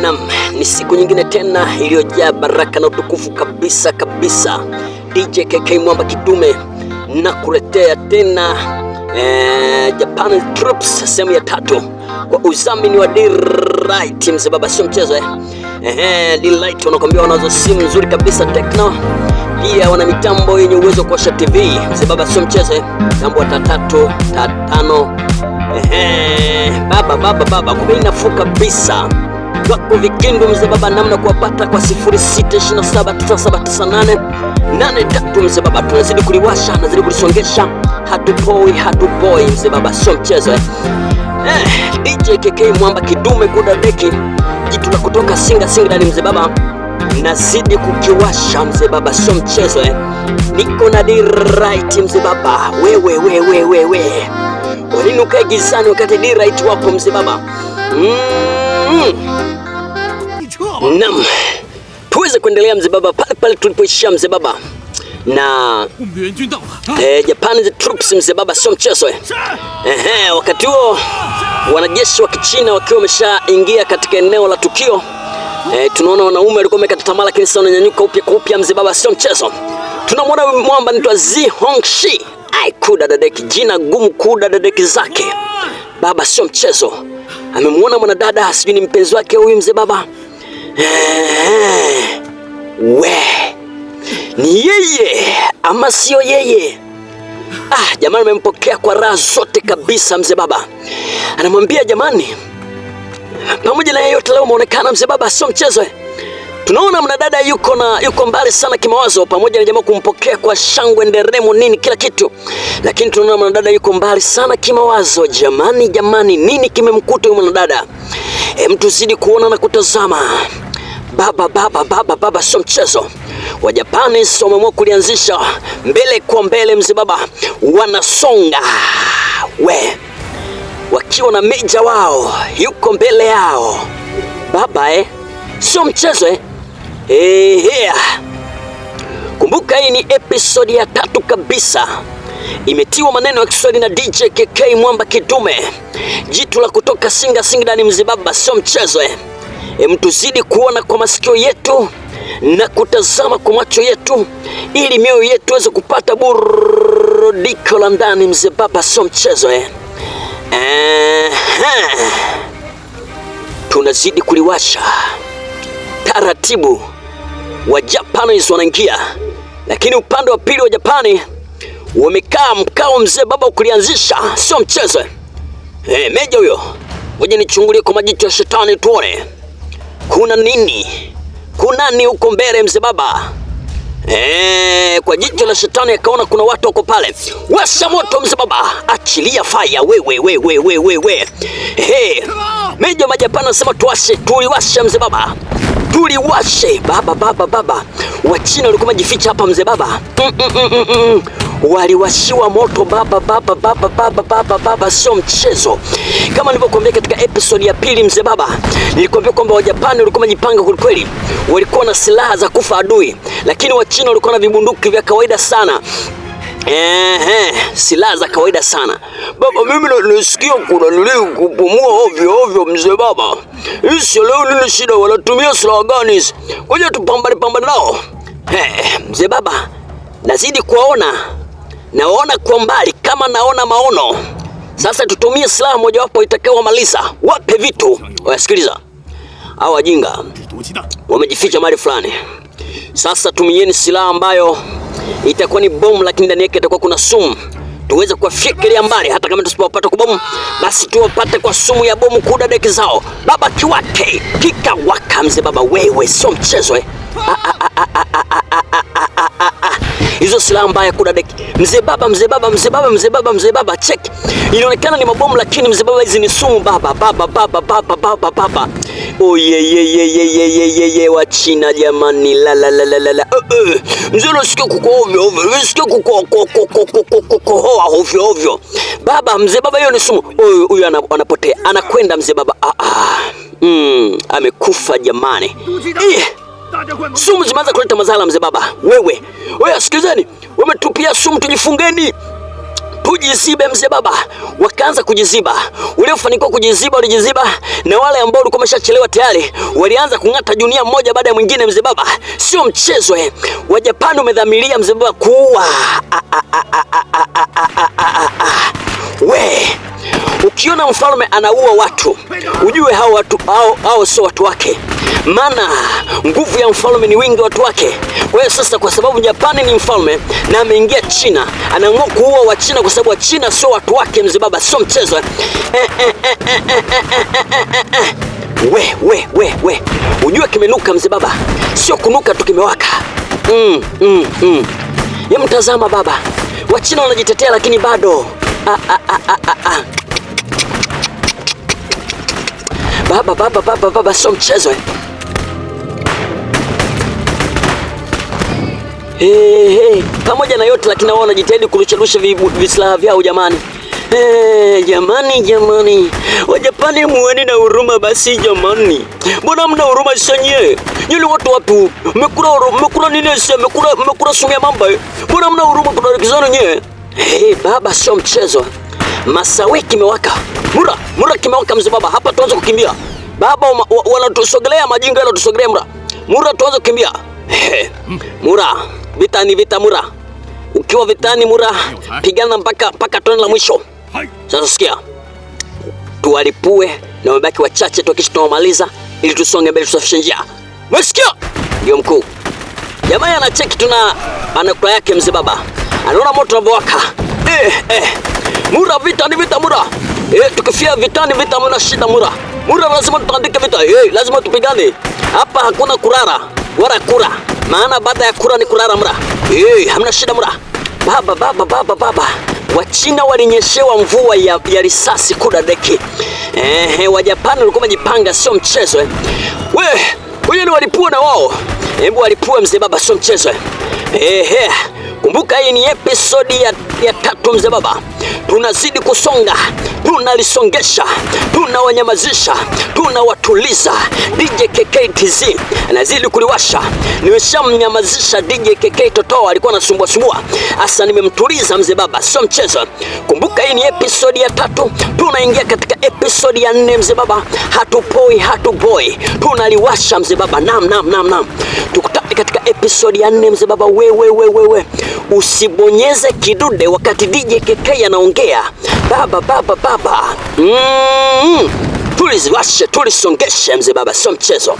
Namnam, ni siku nyingine tena iliyojaa baraka na utukufu kabisa kabisa. DJ KK Mwamba Kidume nakuletea tena eh, Japan Trips sehemu ya tatu kwa uzamini wa D-Light mzee baba, sio mchezo eh. Eh, D-Light wanakuambia wanazo simu nzuri kabisa Tecno, pia wana mitambo yenye uwezo kuwasha TV mzee baba, sio mchezo eh. Jambo wa tatatu tatano, eh, baba baba baba, kwa bei nafuu kabisa wako vikindu mzee baba, namna kuwapata kwa 0627979883 mzee baba, tunazidi kuliwasha, nazidi kulisongesha, hatupoi hatupoi mzee baba, sio mchezo eh. eh DJ KK Mwamba kidume Kuda Deki jitu la kutoka Singa Singa ni mzee baba, nazidi kukiwasha mzee baba, sio mchezo eh. Niko na di right mzee baba, wewe wewe wewe, kwa nini ukae gizani wakati di right wapo mzee baba mm. Hmm. Naam, tuweze kuendelea mzee baba pale pale tulipoishia mzee baba na eh, Japan the troops mzee baba sio mchezo eh. Eh, eh, wakati huo wanajeshi wa Kichina wakiwa wameshaingia katika eneo la tukio eh, tunaona wanaume walikuwa wamekata tamaa, lakini sasa wananyanyuka upya kwa upya mzee baba sio mchezo. Tunamwona mwamba anaitwa Zi Hongxi. Ai, kuda dadeki jina gumu kuda dadeki zake baba sio mchezo amemwona mwanadada, sijui ni mpenzi wake huyu mzee baba. we ni yeye ama sio yeye? Ah, jamani, amempokea kwa raha zote kabisa. Mzee baba anamwambia jamani, pamoja na yeyote leo umeonekana mzee baba, sio mchezo eh. Tunaona mnadada yuko na yuko mbali sana kimawazo, pamoja na jamaa kumpokea kwa shangwe, nderemo, nini, kila kitu, lakini tunaona mwanadada yuko mbali sana kimawazo. Jamani, jamani, nini kimemkuta huyu mwanadada? E, zidi kuona na kutazama. Baba, baba, baba, baba, sio mchezo. Wajapani wameamua kulianzisha mbele kwa mbele, mzee baba, wanasonga we wakiwa na meja wao yuko mbele yao baba, eh, sio mchezo eh. Hey, yeah. Kumbuka hii ni episodi ya tatu kabisa imetiwa maneno ya Kiswahili na DJ KK Mwamba Kidume, jitu la kutoka Singa Singa ni Mzibaba, sio mchezo eh. E, mtuzidi kuona kwa masikio yetu na kutazama kwa macho yetu ili mioyo yetu iweze kupata burudiko la ndani. Mzibaba, sio mchezo eh. Tunazidi kuliwasha taratibu wa Japanese wanaingia, lakini upande wa pili wa Japani wamekaa mkao mzee baba kulianzisha, sio mchezo. E, meja huyo, ngoja nichungulie kwa majicho ya shetani tuone kuna nini, kuna nini huko mbele mzee baba. E, kwa jicho la shetani akaona kuna watu wako pale. Washa moto mzee baba, achilia faya wewe wewe wewe wewe. Hey, meja majapana sema tuwashe, tuliwashe mzee baba tuliwashe baba baba baba. Wachina walikuwa majificha hapa mzee baba mm, mm, mm, Waliwashiwa moto baba baba baba baba baba baba, sio mchezo. Kama nilivyokuambia katika episode ya pili mzee baba, nilikuambia kwamba Wajapani walikuwa majipanga kwelikweli, walikuwa na silaha za kufa adui, lakini Wachina walikuwa na vibunduki vya kawaida sana. Ehe, silaha za kawaida sana baba. Mimi nasikia kuna nili kupumua ovyo ovyo, mzee baba. Hisi leo nini shida? Wanatumia silaha gani hizi? Ngoja tupambane pambane nao. mzee baba, nazidi kuwaona, nawaona kwa mbali kama naona maono. Sasa tutumie silaha mojawapo itakayowamaliza, wape vitu. Wasikiliza, hawa wajinga wamejificha mahali fulani. Sasa tumieni silaha ambayo itakuwa ni bomu, lakini ndani yake itakuwa kuna sumu tuweze kuwafikiria mbali, hata kama tusipopata kwa bomu, basi tuwapate kwa sumu ya bomu kuda deki zao. Baba kiwate kika wakamze, baba wewe sio mchezo eh. Ah, ah, ah, hizo silaha mbaya kuna deki. Mzee baba, mzee baba, mzee baba, mzee baba, mzee baba, check. Inaonekana ni mabomu lakini mzee baba, hizi ni sumu baba, baba, baba, baba, baba, baba. Oh ye ye ye ye ye ye ye ye wa China jamani, la la la la la. Uh, uh. Mzee unasikia kuko ovyo ovyo, unasikia kuko kuko kuko kuko hoa ovyo ovyo. Baba, mzee baba, hiyo ni sumu. Huyu huyu anapotea, anakwenda mzee baba. Ah ah. Mm, amekufa jamani. Yeah. Sumu zimeanza kuleta madhara mzee baba. Wewe wewe, sikilizeni, wametupia sumu, tujifungeni tujizibe mzee baba. Wakaanza kujiziba, uliofanikiwa kujiziba walijiziba, na wale ambao walikuwa wameshachelewa tayari walianza kung'ata junia moja baada ya mwingine. Mzee baba, sio mchezo eh. Wajapani umedhamiria mzee baba kuua we ukiona mfalme anaua watu ujue hao watu hao, hao sio watu wake maana nguvu ya mfalme ni wingi watu wake. Kwa hiyo sasa, kwa sababu Japani ni mfalme na ameingia China, anaamua kuua wa China kwa sababu wa China sio watu wake. Mzee baba, sio mchezo We, we, we, we. Ujue kimenuka mzee baba, sio kunuka tu, kimewaka mm, mm, mm. Yemtazama baba, Wachina wanajitetea lakini bado ah, ah, ah, Baba, baba, baba, baba, sio mchezo eh. hey, eh, eh, hey. Pamoja na yote lakini wao wanajitahidi kurusharusha visilaha vyao jamani. Hey, eh, jamani jamani, Wajapani muweni na huruma basi jamani, mbona mna huruma sanye nyili watu watu mmekula nini? Mmekula sumu sumia mamba, mbona mna huruma? Tunarekizana nye. Hey, baba sio mchezo, masawe kimewaka, mura mura kimewaka mzee baba, hapa tuanze kukimbia baba, wanatusogelea majinga, wanatusogelea mura mura, tuanze kukimbia hey, mura Vita ni vita mura, ukiwa vitani mura, pigana mpaka mpaka tone la mwisho. Sasa sikia, tuwalipue na wabaki wachache, tuhakisha tunawamaliza ili tusonge mbele, tusafishe njia. Umesikia? Ndio mkuu. Jamaa anacheki tuna anakula yake mzee baba. Anaona moto unavyowaka. Eh, eh. Mura vita ni vita mura. Eh, tukifia vitani vita mna shida mura. Mura lazima tutandike vita. Eh, lazima tupigane. Hapa hakuna kurara wala kura maana baada ya kula ni kulala mra. Eh, hamna shida mra. Baba, baba, baba, baba. Wachina walinyeshewa mvua ya, ya risasi kuda deki. Eh, wa walikuwa wamejipanga, sio mchezo eh. We, wenyewe walipua na wao. Hebu walipua mzee baba, sio mchezo eh. Eh, kumbuka hii ni episodi ya, ya tatu mzee baba. Tunazidi kusonga tunalisongesha, tunawanyamazisha, tunawatuliza. DJ KKTZ anazidi kuliwasha. Nimeshamnyamazisha DJ KK Totoa, alikuwa anasumbua sumbua, asa nimemtuliza mzee baba, sio mchezo. Kumbuka hii ni episodi ya tatu, tunaingia katika episodi ya nne. Mzee baba hatupoi, hatuboi, tunaliwasha mzee baba. Naam, naam, naam, naam. Tukuta katika episodi ya nne. Mzee baba, wewe wewe, usibonyeze kidude wakati DJ KK anaongea. Baba baba baba, mm, mm-hmm. tuliziwashe tulisongeshe. Mzee baba, sio mchezo.